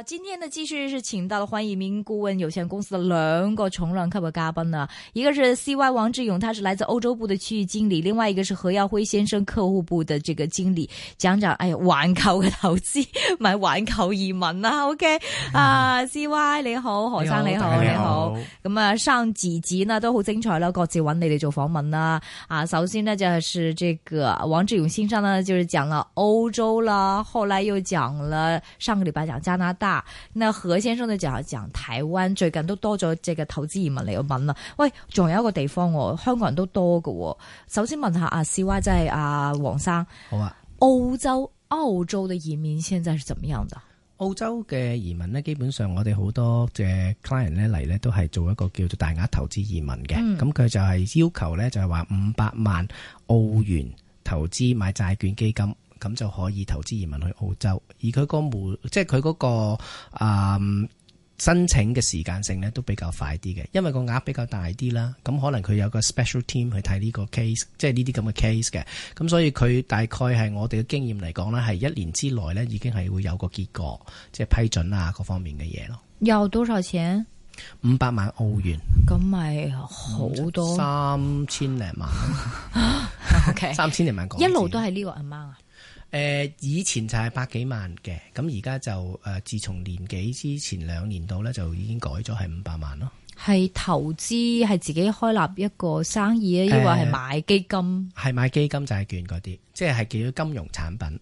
啊、今天呢繼續是請到了環球移民顧問有限公司的兩個重量客戶嘉賓呢，一個是 CY 王志勇，他是來自歐洲部的區域經理；另外一個是何耀輝先生，客戶部的這個經理。講講哎呀，環球的投資，買環球移民啊，OK 啊、嗯 uh,CY 你好，何生你好，你好。那麼上幾集呢都好精彩啦，各自揾你哋做訪問啦。啊，首先呢就是這個王志勇先生呢，就是講了歐洲啦，後來又講了上個禮拜講加拿大。啊，那何先生呢？就係講台灣最近都多咗只嘅投資移民嚟問啦。喂，仲有一個地方，香港人都多嘅。首先問一下阿 c Y 即係阿王生，好啊。澳洲澳洲嘅移民現在係怎麼樣嘅？澳洲嘅移民咧，基本上我哋好多嘅 client 咧嚟咧，都係做一個叫做大額投資移民嘅。咁佢、嗯、就係要求咧，就係話五百萬澳元投資買債券基金。咁就可以投資移民去澳洲，而佢嗰個即係佢嗰個啊申請嘅時間性咧都比較快啲嘅，因為個額比較大啲啦。咁可能佢有個 special team 去睇呢個 case，即係呢啲咁嘅 case 嘅。咁所以佢大概係我哋嘅經驗嚟講咧，係一年之內咧已經係會有個結果，即係批准啊各方面嘅嘢咯。有多少錢？五百萬澳元，咁咪好多三千零萬。OK，三千零萬港。一路都係呢個阿啱啊。誒，以前就係百幾萬嘅，咁而家就誒，自從年幾之前兩年到咧，就已經改咗係五百萬咯。係投資，係自己開立一個生意呢，亦或係買基金，係、呃、買基金債券嗰啲，即係叫金融產品。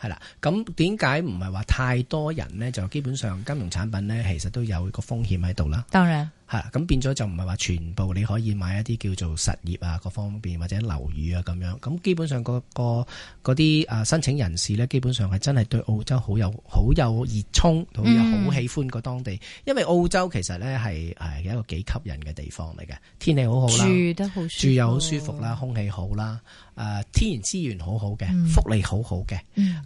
係啦，咁點解唔係話太多人咧？就基本上金融產品咧，其實都有一個風險喺度啦。當然。咁變咗就唔係話全部你可以買一啲叫做實業啊，各方面或者樓宇啊咁樣，咁基本上嗰、嗰個嗰啲、啊、申請人士咧，基本上係真係對澳洲好有好有熱衷，好有好喜歡個當地。嗯、因為澳洲其實咧係誒一個幾吸引嘅地方嚟嘅，天氣好好，呃、好好啦，住得好，舒住又好舒服啦，空氣好啦，誒天然資源好好嘅，福利好好嘅。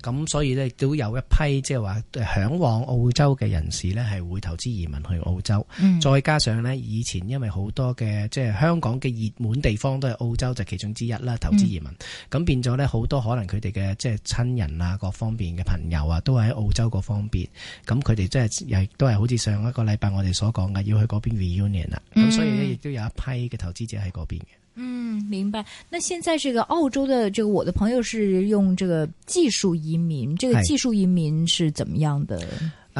咁所以咧都有一批即係話嚮往澳洲嘅人士咧係會投資移民去澳洲，嗯、再加上。以前因為好多嘅即係香港嘅熱門地方都係澳洲就其中之一啦，投資移民咁、嗯、變咗呢，好多可能佢哋嘅即係親人啊，各方面嘅朋友啊，都喺澳洲嗰方面，咁佢哋即係亦都係好似上一個禮拜我哋所講嘅，要去嗰邊 reunion 啦、嗯，咁所以呢亦都有一批嘅投資者喺嗰邊嘅。嗯，明白。那現在這個澳洲的這個我的朋友是用這個技術移民，這個技術移民是怎麼樣的？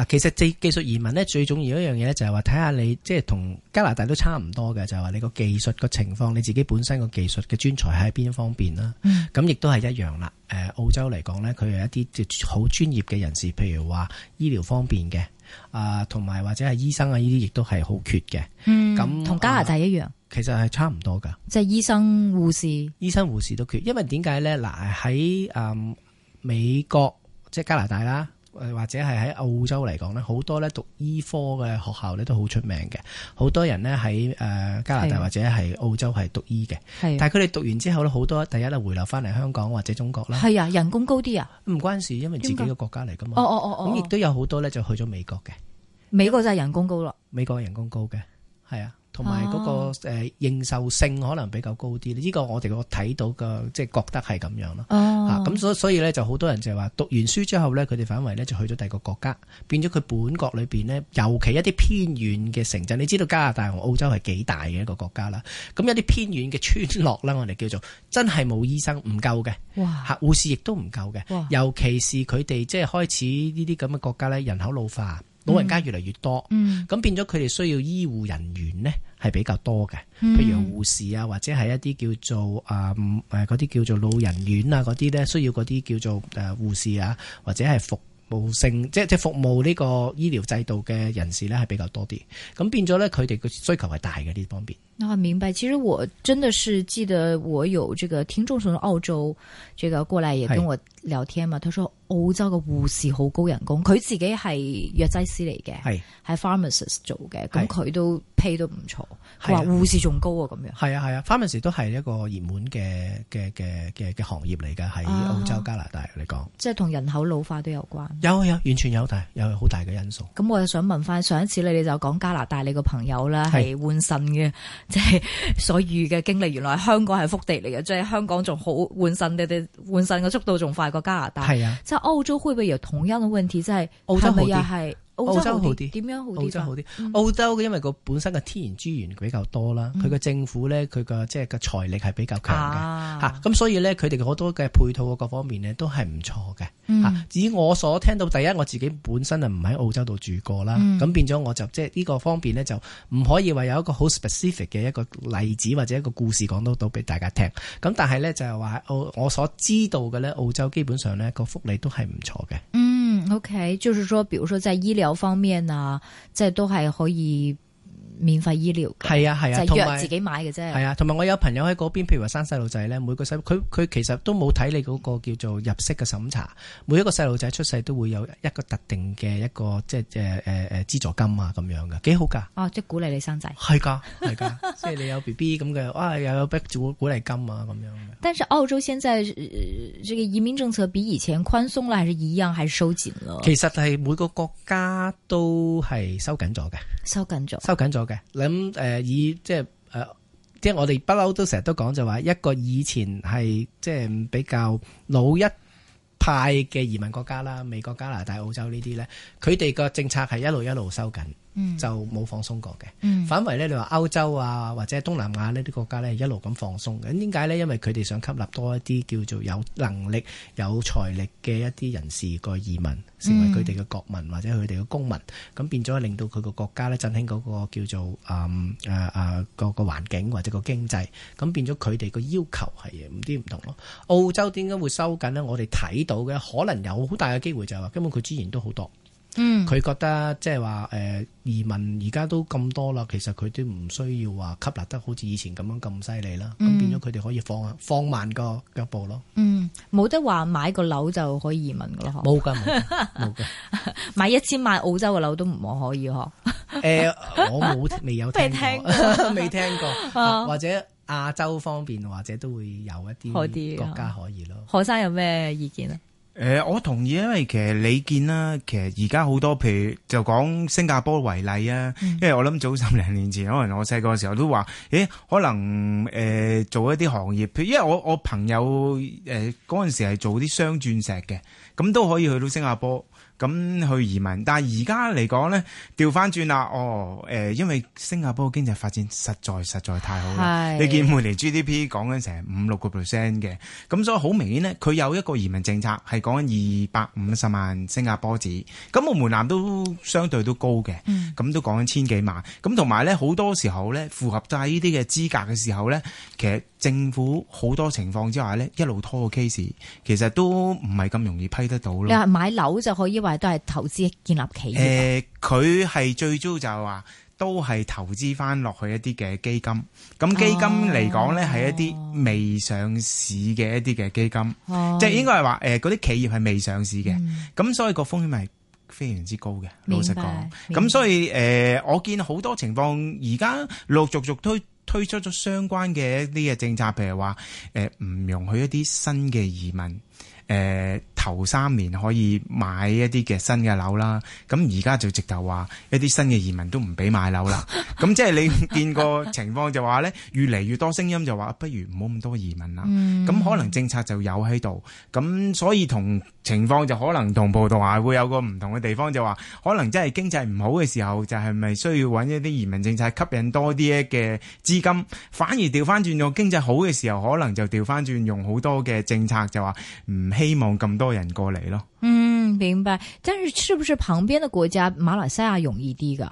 其實技技術移民咧，最重要一樣嘢咧，就係話睇下你即係同加拿大都差唔多嘅，就係、是、話你個技術個情況，你自己本身個技術嘅專才喺邊方面啦。咁亦都係一樣啦。澳洲嚟講咧，佢有一啲好專業嘅人士，譬如話醫療方面嘅啊，同、呃、埋或者係醫生啊，呢啲亦都係好缺嘅。咁同、嗯、樣加拿大一樣，呃、其實係差唔多噶。即係醫生、護士，醫生、護士都缺，因為點解咧？嗱、呃，喺、嗯、美國，即係加拿大啦。或者係喺澳洲嚟講咧，好多咧讀醫科嘅學校咧都好出名嘅，好多人咧喺誒加拿大或者係澳洲係讀醫嘅，係，但係佢哋讀完之後咧，好多第一係回流翻嚟香港或者中國啦，係啊，人工高啲啊，唔關事，因為自己嘅國家嚟噶嘛。哦哦哦哦，咁亦都有好多咧就去咗美國嘅，美國就係人工高咯，美國人工高嘅，係啊。同埋嗰個誒、啊、認受性可能比較高啲，呢、啊、個我哋個睇到嘅即係覺得係咁樣咯。咁所、啊啊、所以咧，就好多人就係話讀完書之後咧，佢哋反為咧就去咗第二個國家，變咗佢本國裏面咧，尤其一啲偏遠嘅城鎮。你知道加拿大同澳洲係幾大嘅一個國家啦。咁一啲偏遠嘅村落啦，我哋叫做真係冇醫生唔夠嘅，嚇哇護士亦都唔夠嘅。哇尤其是佢哋即係開始呢啲咁嘅國家咧，人口老化，老人家越嚟越多，嗯，咁、嗯、變咗佢哋需要醫護人員咧。係比較多嘅，譬如護士啊，或者係一啲叫做啊誒嗰啲叫做老人院啊嗰啲咧，那些需要嗰啲叫做誒護士啊，或者係服務性，即係即係服務呢個醫療制度嘅人士咧，係比較多啲。咁變咗咧，佢哋嘅需求係大嘅呢方面。我明白，其實我真的是記得我有這個聽眾從澳洲這個過來，也跟我聊天啊嘛，佢話澳洲嘅護士好高人工，佢自己係藥劑師嚟嘅，係係是 pharmacist 做嘅，咁佢是都 pay 都唔錯，話護、啊、士仲高啊咁、啊啊、樣。係啊係啊 pharmacist 都係一個熱門嘅嘅嘅嘅嘅行業嚟㗎，喺澳洲、啊、加拿大嚟講。你即係同人口老化都有關。有有完全有，有很大有好大嘅因素。咁我就想問翻上一次你哋就講加拿大你個朋友咧係換腎嘅，是即係所遇嘅經歷，原來香港係福地嚟嘅，即係香港仲好換腎你哋換腎嘅速度仲快。加拿大係啊，在澳洲會不會有同樣的問題？在澳洲好啲。澳洲好啲，點樣好啲？澳洲好啲，好澳洲嘅、嗯、因為個本身嘅天然資源比較多啦，佢嘅、嗯、政府咧，佢嘅即係嘅財力係比較強嘅吓，咁、啊啊、所以咧，佢哋好多嘅配套嘅各方面咧都係唔錯嘅吓。至於我所聽到，第一我自己本身啊唔喺澳洲度住過啦，咁、嗯、變咗我就即係呢個方面咧就唔可以話有一個好 specific 嘅一個例子或者一個故事講到到俾大家聽咁、啊、但係咧就係話我我所知道嘅咧澳洲基本上咧個福利都係唔錯嘅。嗯嗯，OK，就是說，比如說在醫療方面呢，在都還可以。免費醫療係啊，係啊，是啊就是約自己買嘅啫。係啊，同埋我有朋友喺嗰邊，譬如話生細路仔咧，每個細佢，佢其實都冇睇你嗰個叫做入息嘅審查。每一個細路仔出世都會有一個特定嘅一個，一個即係誒誒誒資助金啊咁樣嘅，幾好噶。哦，即係鼓勵你生仔，係噶係噶，即係你有 B B 咁嘅，哇、 啊、又有逼住鼓勵金啊咁樣。但係澳洲現在、呃、這個移民政策比以前寬鬆啦，還是一樣，還是收緊了？其實係每個國家都係收緊咗嘅，收緊咗，收緊咗。咁誒、呃，以即係誒，即係、呃、我哋不嬲都成日都講就話，一個以前係即係比較老一派嘅移民國家啦，美國、加拿大、澳洲呢啲咧，佢哋個政策係一路一路收緊。 就冇放鬆過嘅， 反為咧你話歐洲啊或者東南亞呢啲國家咧，一路咁放鬆嘅，點解咧？因為佢哋想吸納多一啲叫做有能力、有財力嘅一啲人士個移民，成為佢哋嘅國民或者佢哋嘅公民，咁變咗令到佢個國家咧振興嗰個叫做誒誒誒個個環境或者個經濟，咁變咗佢哋個要求係唔啲唔同咯。澳洲點解會收緊呢？我哋睇到嘅可能有好大嘅機會就係話，根本佢資源都好多。嗯，佢覺得即係話誒移民而家都咁多啦，其實佢都唔需要話吸納得好似以前咁樣咁犀利啦，咁、嗯、變咗佢哋可以放放慢個腳步咯。嗯，冇得話買個樓就可以移民噶咯，冇噶，冇噶， 的買一千萬澳洲嘅樓都唔可可以嗬？誒、 呃，我冇未有聽過，未聽過，或者亞洲方面或者都會有一啲國家可以咯。何生有咩意見啊？誒、呃，我同意，因為其實你見啦，其實而家好多，譬如就講新加坡為例啊，嗯、因為我諗早十零年前，可能我細個嘅時候都話，誒、欸，可能誒、呃、做一啲行業譬如，因為我我朋友誒嗰陣時係做啲鑲鑽石嘅，咁都可以去到新加坡。咁去移民，但係而家嚟講咧，調翻轉啦，哦，誒，因為新加坡嘅經濟發展實在實在太好啦，是你見每年 GDP 講緊成五六個 percent 嘅，咁所以好明顯咧，佢有一個移民政策係講緊二百五十萬新加坡紙，咁門檻都相對都高嘅，咁、嗯、都講緊千幾萬，咁同埋咧好多時候咧符合曬呢啲嘅資格嘅時候咧，其實政府好多情況之下咧一路拖個 case，其實都唔係咁容易批得到咯。你話買樓就可以。都係投資建立企業。誒、呃，佢係最早就話、是，都係投資翻落去一啲嘅基金。咁基金嚟講咧，係、哦、一啲未上市嘅一啲嘅基金，即係、哦、應該係話，誒、呃，嗰啲企業係未上市嘅，咁、嗯、所以個風險係非常之高嘅。白老實講，咁白所以誒、呃，我見好多情況，而家陸陸續續推推出咗相關嘅一啲嘅政策，譬如話，誒、呃，唔容許一啲新嘅移民，誒、呃。頭三年可以買一啲嘅新嘅樓啦，咁而家就直頭話一啲新嘅移民都唔俾買樓啦。咁 即係你見過情況就話咧，越嚟越多聲音就話不如唔好咁多移民啦。咁、嗯、可能政策就有喺度，咁所以同情況就可能同葡萄牙會有個唔同嘅地方就話，可能真係經濟唔好嘅時候就係、是、咪需要揾一啲移民政策吸引多啲嘅資金，反而調翻轉用經濟好嘅時候，可能就調翻轉用好多嘅政策就話唔希望咁多。人過嚟咯，嗯，明白。但是是不是旁邊的國家馬來西亞容易啲㗎？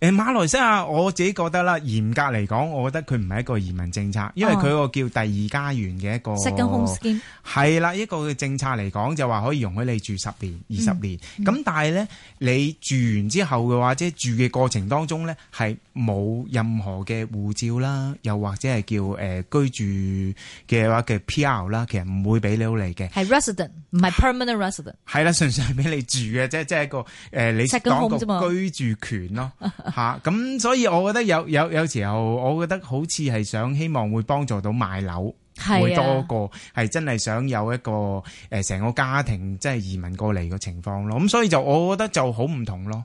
誒，馬來西亞、欸、我自己覺得啦，嚴格嚟講，我覺得佢唔係一個移民政策，因為佢個叫第二家園嘅一個，係啦、哦，一個政策嚟講就話可以容許你住十年、二十年。咁、嗯嗯、但係咧，你住完之後嘅話，即、就、係、是、住嘅過程當中咧，係。冇任何嘅護照啦，又或者係叫誒、呃、居住嘅話嘅 P.R. 啦，其實唔會俾你嚟嘅。係是 resident，唔係、啊、permanent resident。係啦，純粹係俾你住嘅啫，即係一個誒、呃，你講個居住權咯吓。咁、 啊、所以我覺得有有有時候我 有、呃，我覺得好似係想希望會幫助到買樓，會多過係真係想有一個誒成個家庭即係移民過嚟嘅情況咯。咁所以就我覺得就好唔同咯。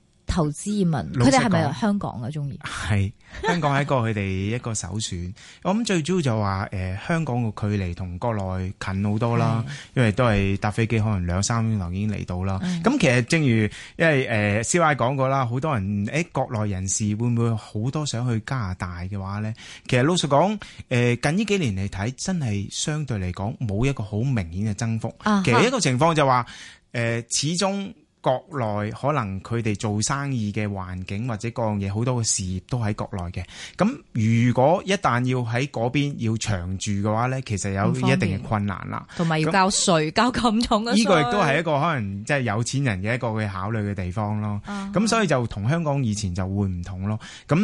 投資疑問，佢哋係咪香港嘅中意係香港，係一個佢哋一個首選。 我諗最主要就話、是呃、香港個距離同國內近好多啦，是因為都係搭飛機可能兩三鐘頭已經嚟到啦。咁是其實正如因為誒、呃、C Y 講過啦，好多人誒、欸、國內人士會唔會好多想去加拿大嘅話咧？其實老實講、呃、近呢幾年嚟睇，真係相對嚟講冇一個好明顯嘅增幅。啊、其實一個情況就話、是、誒、呃、始終。國內可能佢哋做生意嘅環境或者各樣嘢好多嘅事業都喺國內嘅，咁如果一旦要喺嗰邊要長住嘅話呢，其實有一定嘅困難啦，同埋要交稅、交咁那重稅，呢個亦都係一個可能即係有錢人嘅一個去考慮嘅地方咯。咁、啊、所以就同香港以前就會唔同咯。咁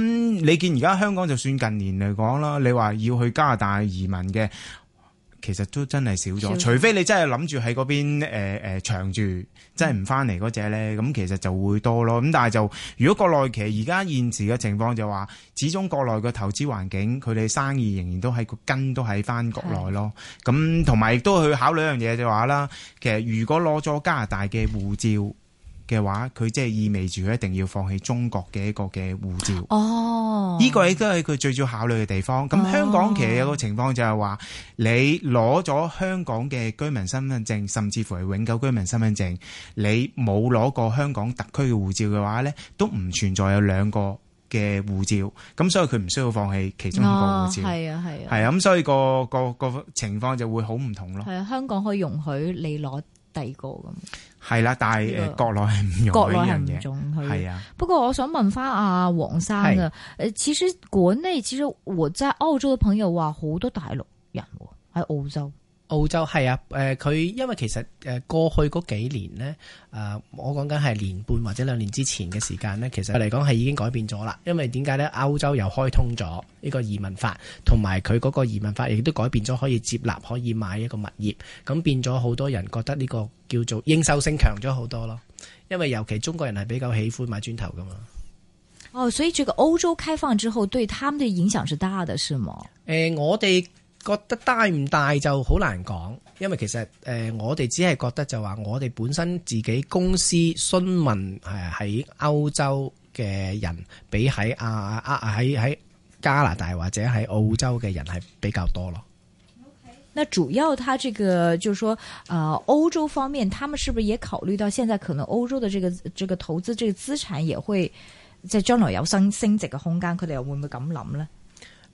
的你見而家香港就算近年嚟講啦，你話要去加拿大移民嘅。其實都真係少咗，除非你真係諗住喺嗰邊誒誒、呃呃、長住，真係唔翻嚟嗰隻呢，咁、嗯、其實就會多咯。咁但係就如果國內其實而家現時嘅情況就話、是，始終國內嘅投資環境佢哋生意仍然都喺個根都喺翻國內咯。咁同埋亦都去考慮一樣嘢就話啦，其實如果攞咗加拿大嘅護照。嘅話，佢即係意味住佢一定要放棄中國嘅一個嘅護照。哦，呢個亦都係佢最主要考慮嘅地方。咁香港其實有個情況就係話，哦、你攞咗香港嘅居民身份證，甚至乎係永久居民身份證，你冇攞過香港特區嘅護照嘅話呢，都唔存在有兩個嘅護照。咁所以佢唔需要放棄其中一個護照。係啊係啊，係啊咁，啊所以、個、個個情況就會好唔同咯。係啊，香港可以容許你攞第二個咁。係啦，但係、這個呃、國內係唔用呢樣嘢。係啊，的不過我想問翻阿王生啊，誒的，其實國內其實我在澳洲嘅朋友話好多大陸人喺澳洲。澳洲係啊，誒、呃，佢因為其實誒、呃、過去嗰幾年呢，誒、呃，我講緊係年半或者兩年之前嘅時間呢，其實嚟講係已經改變咗啦。因為點解呢？歐洲又開通咗呢個移民法，同埋佢嗰個移民法亦都改變咗，可以接納、可以買一個物業，咁變咗好多人覺得呢個叫做應受性強咗好多咯。因為尤其中國人係比較喜歡買磚頭㗎嘛。哦，所以這個歐洲開放之後，對他們的影響是大的，是嗎？誒、呃，我哋。覺得大唔大就好難講，因為其實誒、呃，我哋只係覺得就話我哋本身自己公司詢問誒喺歐洲嘅人比，比喺啊啊喺喺加拿大或者喺澳洲嘅人係比較多咯。Okay. 那主要他這個就是說，呃，歐洲方面，他們是不是也考慮到現在可能歐洲的這個這個投資這個資產也會即係將來有升升值嘅空間？佢哋又會唔會咁諗呢？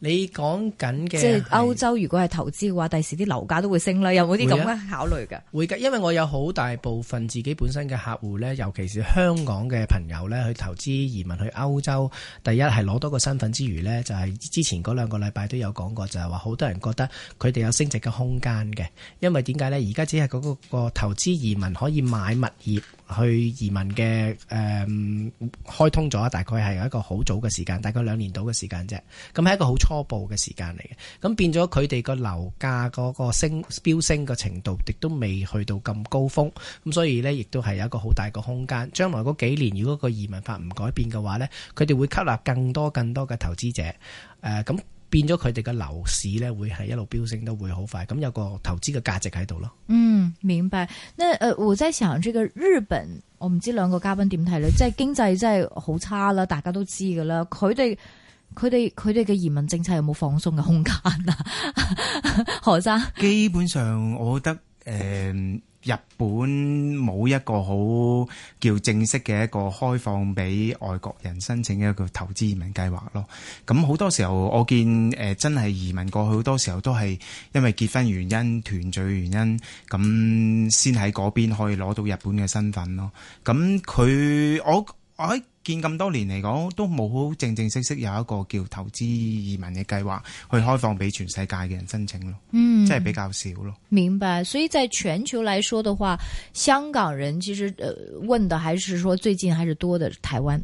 你講緊嘅即係歐洲，如果係投資嘅話，第時啲樓價都會升啦。有冇啲咁嘅考慮㗎？會㗎，因為我有好大部分自己本身嘅客戶呢，尤其是香港嘅朋友呢，去投資移民去歐洲，第一係攞多個身份之餘呢，就係、係、之前嗰兩個禮拜都有講過，就係話好多人覺得佢哋有升值嘅空間嘅，因為點解呢？而家只係嗰、嗰個嗰個投資移民可以買物業。去移民嘅誒、呃，開通咗，大概係有一個好早嘅時間，大概兩年到嘅時間啫。咁係一個好初步嘅時間嚟嘅。咁變咗佢哋個樓價嗰個升飆升嘅程度，亦都未去到咁高峰。咁所以咧，亦都係有一個好大個空間。將來嗰幾年，如果個移民法唔改變嘅話咧，佢哋會吸納更多更多嘅投資者。誒、呃。咁。變咗佢哋嘅樓市咧，會係一路飆升，都會好快。咁有個投資嘅價值喺度咯。嗯，明白。那誒，我在想，這個日本，我唔知兩個嘉賓點睇咧。即係經濟真係好差啦，大家都知噶啦。佢哋佢哋佢哋嘅移民政策有冇放鬆嘅空間啊？ 何生？基本上，我覺得誒。呃日本冇一個好叫正式嘅一個開放俾外國人申請嘅一個投資移民計劃咯。咁好多時候我見誒，真係移民過去，好多時候都係因為結婚原因、團聚原因，咁先喺嗰邊可以攞到日本嘅身份咯。咁佢我喺。我見咁多年嚟講，都冇好正正式式有一個叫投資移民嘅計劃去開放俾全世界嘅人申請咯，嗯，即係比較少咯。明白，所以在全球來說的話，香港人其實，呃，問的還是說最近還是多的台灣。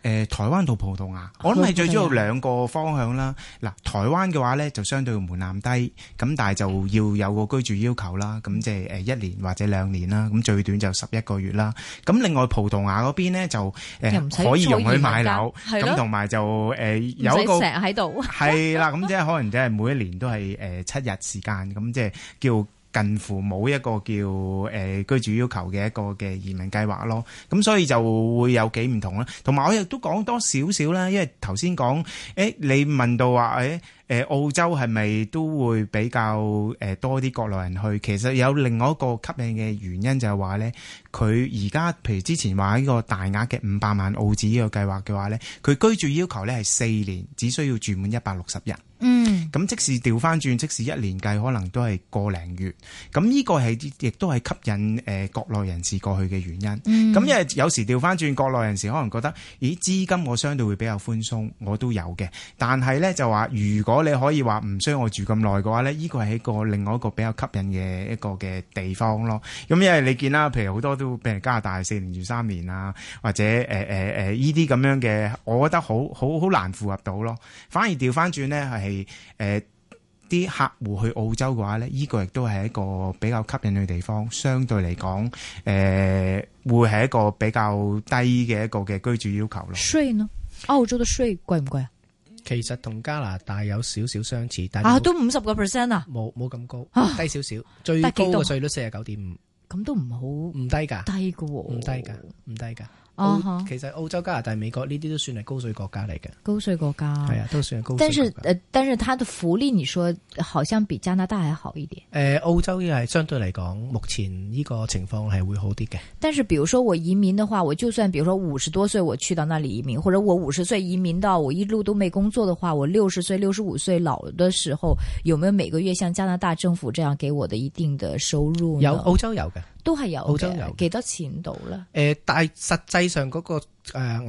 誒、呃、台灣同葡萄牙，我諗係最主要兩個方向啦。嗱、嗯，台灣嘅話咧就相對門檻低，咁但係就要有個居住要求啦。咁即係一年或者兩年啦，咁最短就十一個月啦。咁另外葡萄牙嗰邊咧就誒、呃、可以容許買樓，咁同埋就誒有一個，係、呃嗯、啦，咁即係可能即係每一年都係七日時間，咁即係叫。近乎冇一個叫誒、呃、居住要求嘅一個嘅移民計劃咯，咁所以就會有幾唔同啦。同埋我亦都講多少少啦，因為頭先講，誒、欸、你問到話誒。澳洲係咪都會比較誒多啲國內人去？其實有另外一個吸引嘅原因就係話呢，佢而家譬如之前話呢個大額嘅五百萬澳紙呢個計劃嘅話呢，佢居住要求呢係四年，只需要住滿一百六十日。嗯，咁即使調翻轉，即使一年計，可能都係個零月。咁呢個係亦都係吸引誒、呃、國內人士過去嘅原因。咁、嗯、因為有時調翻轉，國內人士可能覺得，咦，資金我相對會比較寬鬆，我都有嘅。但係呢就話如果你可以話唔需要我住咁耐嘅話咧，呢個係一個另外一個比較吸引嘅一個嘅地方咯。咁因為你見啦，譬如好多都譬如加拿大四年住三年啊，或者誒誒誒呢啲咁樣嘅，我覺得好好好難符合到咯。反而調翻轉咧係誒啲客戶去澳洲嘅話咧，呢個亦都係一個比較吸引嘅地方，相對嚟講誒會係一個比較低嘅一個嘅居住要求咯。稅呢？澳洲嘅稅貴唔貴啊？其實同加拿大有少少相似，但係啊，都五十個 percent 啊，冇冇咁高，低少少，啊、最高嘅稅率四十九點五，咁都唔好，唔低噶，哦、低噶，唔低噶，唔低噶。其實澳洲、加拿大、美國呢啲都算係高稅國家嚟嘅，高稅國家係啊，都算係高稅國家。但是、呃，但是它的福利，你說好像比加拿大還好一點。誒、呃，澳洲又係相對嚟講，目前呢個情況係會好啲嘅。但是，比如說我移民的話，我就算，比如說五十多歲我去到那裡移民，或者我五十歲移民到，我一路都沒工作的話，我六十歲、六十五歲老的時候，有沒有每個月像加拿大政府這樣給我的一定的收入呢？有，澳洲有嘅。都係有。澳洲有幾多錢到咧？誒、呃，但係實際上嗰個誒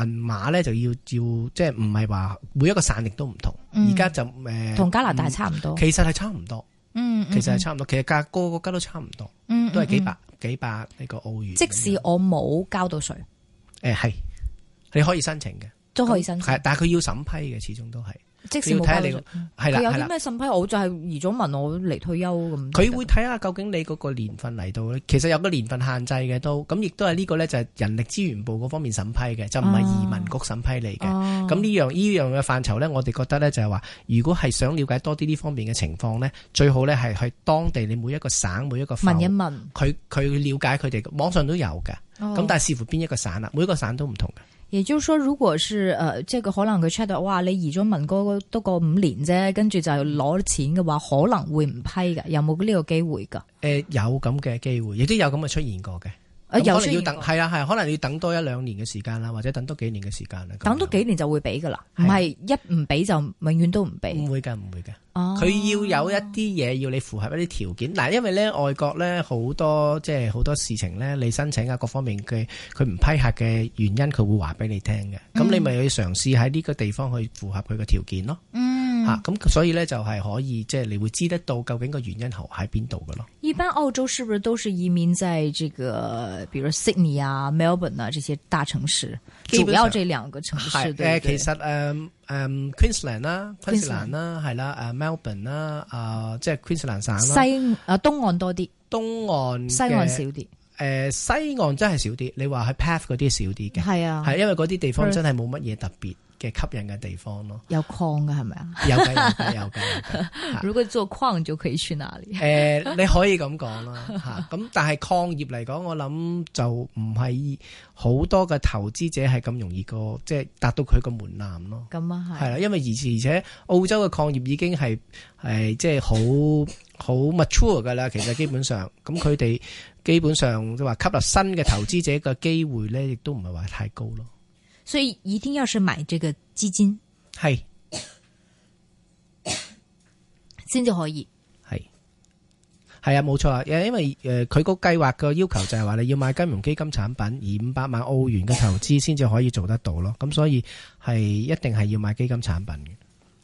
銀碼咧，就要要即係唔係話每一個省力都唔同。而家、嗯、就誒同、呃、加拿大差唔多，其實係差唔多嗯。嗯，其實係差唔多，其實個個國家都差唔多。都係幾百幾百呢個澳元。即使我冇交到稅，誒係、呃、你可以申請嘅，都可以申請。但係佢要審批嘅，始終都係。即你睇下你，係啦。有啲咩審批？我就係移咗民，我嚟退休咁。佢會睇下究竟你嗰個年份嚟到咧，其實有個年份限制嘅都。咁亦都係呢個咧，就係人力資源部嗰方面審批嘅，就唔係移民局審批嚟嘅。咁呢、啊啊、樣呢樣嘅範疇咧，我哋覺得咧就係話，如果係想了解多啲呢方面嘅情況咧，最好咧係去當地你每一個省每一個府問一問佢，佢了解佢哋網上都有嘅。咁、哦、但係視乎邊一個省啦，每一個省都唔同嘅。也就是說，如果是，誒、呃，即係佢可能佢 check 到，哇，你移咗民哥都過五年啫，跟住就攞錢嘅話，可能會唔批嘅，有冇呢個機會噶？誒、呃，有咁嘅機會，亦都有咁嘅出現過嘅。可能要等，係啊係，可能要等多一兩年嘅時間啦，或者等多幾年嘅時間啦。等多幾年就會俾噶啦唔係一唔俾就永遠都唔俾。唔會噶唔會噶哦，佢要有一啲嘢要你符合一啲條件。嗱，因為咧外國咧好多即係好多事情咧，你申請啊各方面嘅，佢唔批核嘅原因，佢會話俾你聽嘅。咁你咪去嘗試喺呢個地方去符合佢嘅條件咯。吓咁，嗯啊、所以咧就係可以，即、就、係、是、你會知得到究竟個原因喺邊度㗎咯。一般澳洲是不是都是移民在這個，比如悉尼啊、Melbourne 啊這些大城市，主要這兩個城市。其實誒誒、um, um,，Queensland 啦、啊、，Queensland 啦、啊，係啦 Queensland?，誒、啊、，Melbourne 啦、啊，即、啊、係、就是、Queensland 省、啊、啦，西誒、啊、東岸多啲，東岸西岸少啲。誒、呃，西岸真係少啲。你話去 Perth 嗰啲少啲嘅，係啊，係因為嗰啲地方真係冇乜嘢特別嘅吸引嘅地方咯，有礦噶係咪啊？有噶有噶有噶。如果做礦就可以去哪裏？誒、 呃，你可以咁講啦吓。咁但係礦業嚟講，我諗就唔係好多嘅投資者係咁容易過，即係達到佢個門檻咯。咁啊係。係啦，因為而而且澳洲嘅礦業已經係係即係好好 mature 噶啦。其實基本上，咁佢哋基本上即話吸入新嘅投資者嘅機會咧，亦都唔係話太高咯。所以一定要是買這個基金，係先至可以，係係啊，冇錯啊，因為誒佢個計劃個要求就係話你要買金融基金產品，以五百萬澳元嘅投資先至可以做得到咯。咁所以係一定係要買基金產品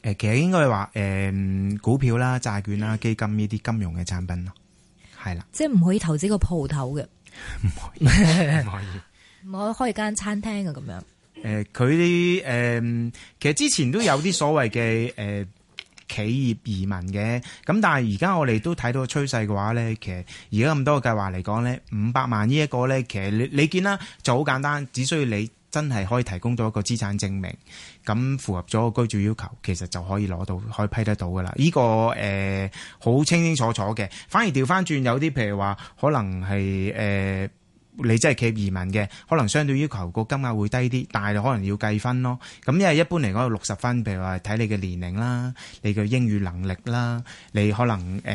嘅。誒，其實應該話誒股票啦、債券啦、基金呢啲金融嘅產品咯，係啦，即係唔可以投資個鋪頭嘅，唔可以，唔可以， 可以開開間餐廳啊咁樣。誒，佢哋誒，其實之前都有啲所謂嘅誒企業移民嘅，咁但係而家我哋都睇到個趨勢嘅話咧，其實而家咁多個計劃嚟講咧，五百萬呢一個咧，其實你你見啦，就好簡單，只需要你真係可以提供到一個資產證明，咁符合咗個居住要求，其實就可以攞到，可以批得到噶啦。呢個誒好清清楚楚嘅，反而調翻轉有啲譬如話，可能係誒。呃你真係企業移民嘅，可能相對要求個金額會低啲，但係可能要計分咯。咁因為一般嚟講六十分，譬如話睇你嘅年齡啦，你嘅英語能力啦，你可能誒誒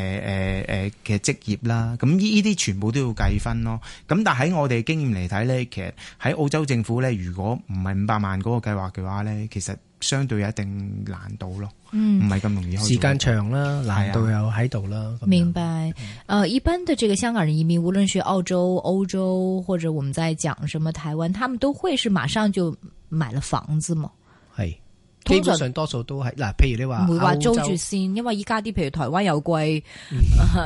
誒嘅職業啦，咁呢啲全部都要計分咯。咁但係喺我哋經驗嚟睇呢，其實喺澳洲政府呢，如果唔係五百萬嗰個計劃嘅話呢，其實。相對有一定難度咯，唔係咁容易。時間長啦，難度又喺度啦。啊、樣明白。誒、嗯，uh, 一般的這個香港人移民，無論是澳洲、歐洲，或者我們在講什麼台灣，他們都會是馬上就買了房子嘛。係。基本上多數都係嗱，啊，譬如你話會話租住先，因為依家啲譬如台灣又貴，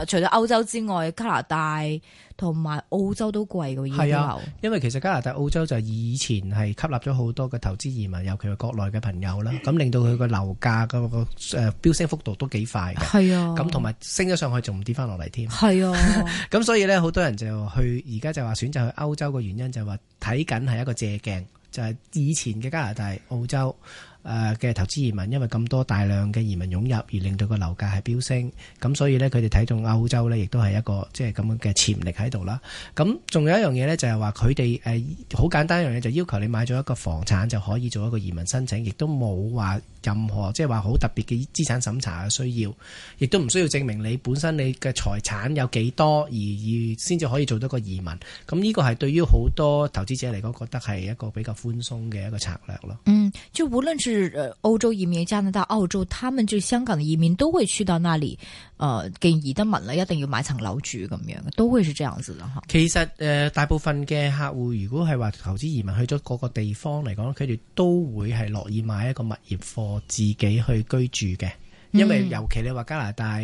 除咗歐洲之外，加拿大同埋澳洲都貴嘅。係啊，嗯，因為其實加拿大、澳洲就以前係吸納咗好多嘅投資移民，尤其係國內嘅朋友啦，咁令到佢個樓價嗰個誒飆升幅度都幾快嘅。係啊，咁同埋升咗上去仲唔跌翻落嚟添。係啊，嗯，咁 所以咧，好多人就去而家就話選擇去歐洲嘅原因就係話睇緊係一個借鏡，就係、是、以前嘅加拿大、澳洲。誒嘅投資移民，因為咁多大量嘅移民湧入而令到個樓價係飆升，咁所以呢，佢哋睇中歐洲呢，亦都係一個即係咁樣嘅潛力喺度啦。咁仲有一樣嘢呢，就係話佢哋誒好簡單一樣嘢，就要求你買咗一個房產就可以做一個移民申請，亦都冇話任何即係話好特別嘅資產審查嘅需要，亦都唔需要證明你本身你嘅財產有幾多而而先至可以做到個移民。咁呢個係對於好多投資者嚟講，覺得係一個比較寬鬆嘅一個策略咯。嗯，歐洲移民、加拿大、澳洲，他們就香港的移民都會去到那裏，呃，既然移得民啦，一定要買層樓住咁樣，都會是這樣子咯。其實誒、呃，大部分嘅客戶如果係話投資移民去咗各個地方嚟講，佢哋都會係樂意買一個物業畀自己去居住嘅。因為尤其你話加拿大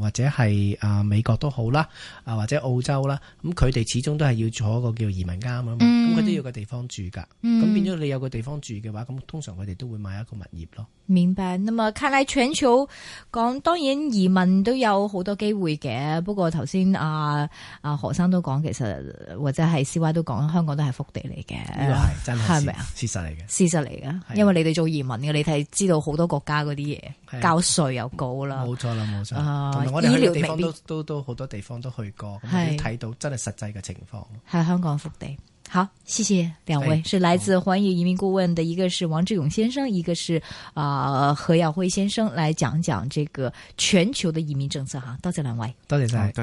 或者係美國都好啦，啊或者澳洲啦，咁佢哋始終都係要做一個叫移民監嘛，咁佢都要個地方住噶咁、嗯、變咗你有個地方住嘅話，咁通常佢哋都會買一個物業咯。明白，那麼卡拉、全球講，當然移民都有好多機會嘅。不過頭、啊啊、先阿阿何生都講，其實或者係 C Y 都講，香港都係福地嚟嘅。呢個係真係事實嚟嘅，事實嚟嘅。因為你哋做移民嘅，的你睇知道好多國家嗰啲嘢教。稅又高啦，冇錯啦，冇錯了。同、呃、我哋醫療地方都都都好多地方都去過，咁睇是到真係實際嘅情況。係香港福地。好，謝謝兩位，是，是來自寰宇移民顧問的好一個是王志勇先生，一個是啊、呃、何耀輝先生，來講講這個全球的移民政策。哈，多謝兩位。多謝晒。